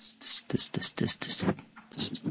tss, tss, tss, tss, tss, tss.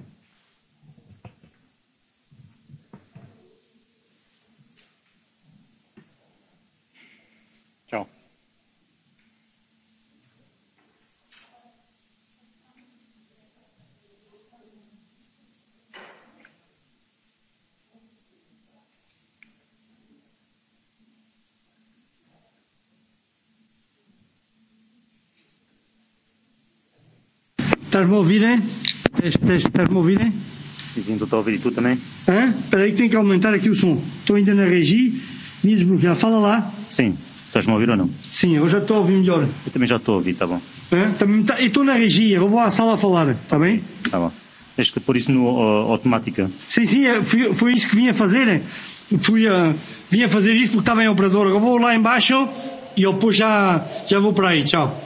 Termovine? Teste, teste, termovine? Precisinho do ouvir tu também. Hã? Peraí que tem que aumentar aqui o som. Estou ainda na regi, me desbloquear. Fala lá. Sim. Estás-me a ouvir ou não? E? Sim, eu já estou a ouvir melhor. Eu também já estou a ouvir, tá bom. É? Também tá, eu estou na regia, eu vou à sala a falar, está bem? Tá bom. Tens que pôr isso no uh, automática. Sim, sim, e, fui, foi isso que vim a fazer. Fui a, uh, vim a fazer isso porque estava em operador. Eu vou lá embaixo e eu depois já, já vou para aí. Tchau.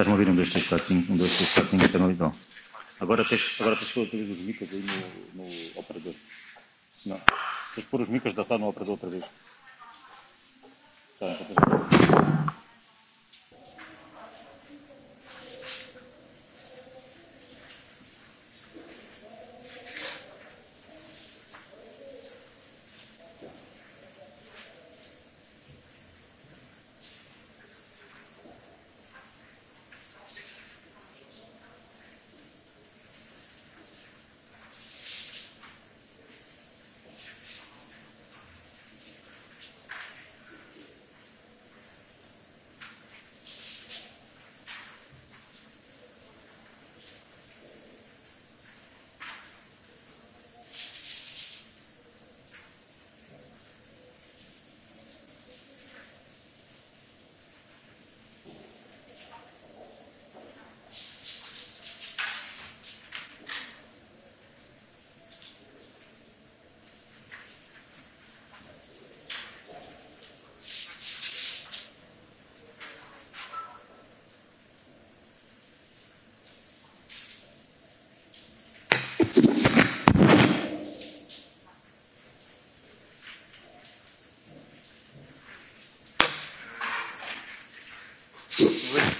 Estás me a ouvir? Um, dois, três, quatro, cinco. Um, dois, três, quatro, cinco. Estás me a ouvir? Bom. Agora tens, agora tens que pôr outra vez os micas aí no, no operador. Não. Tens que pôr os micas da sala no operador outra vez. With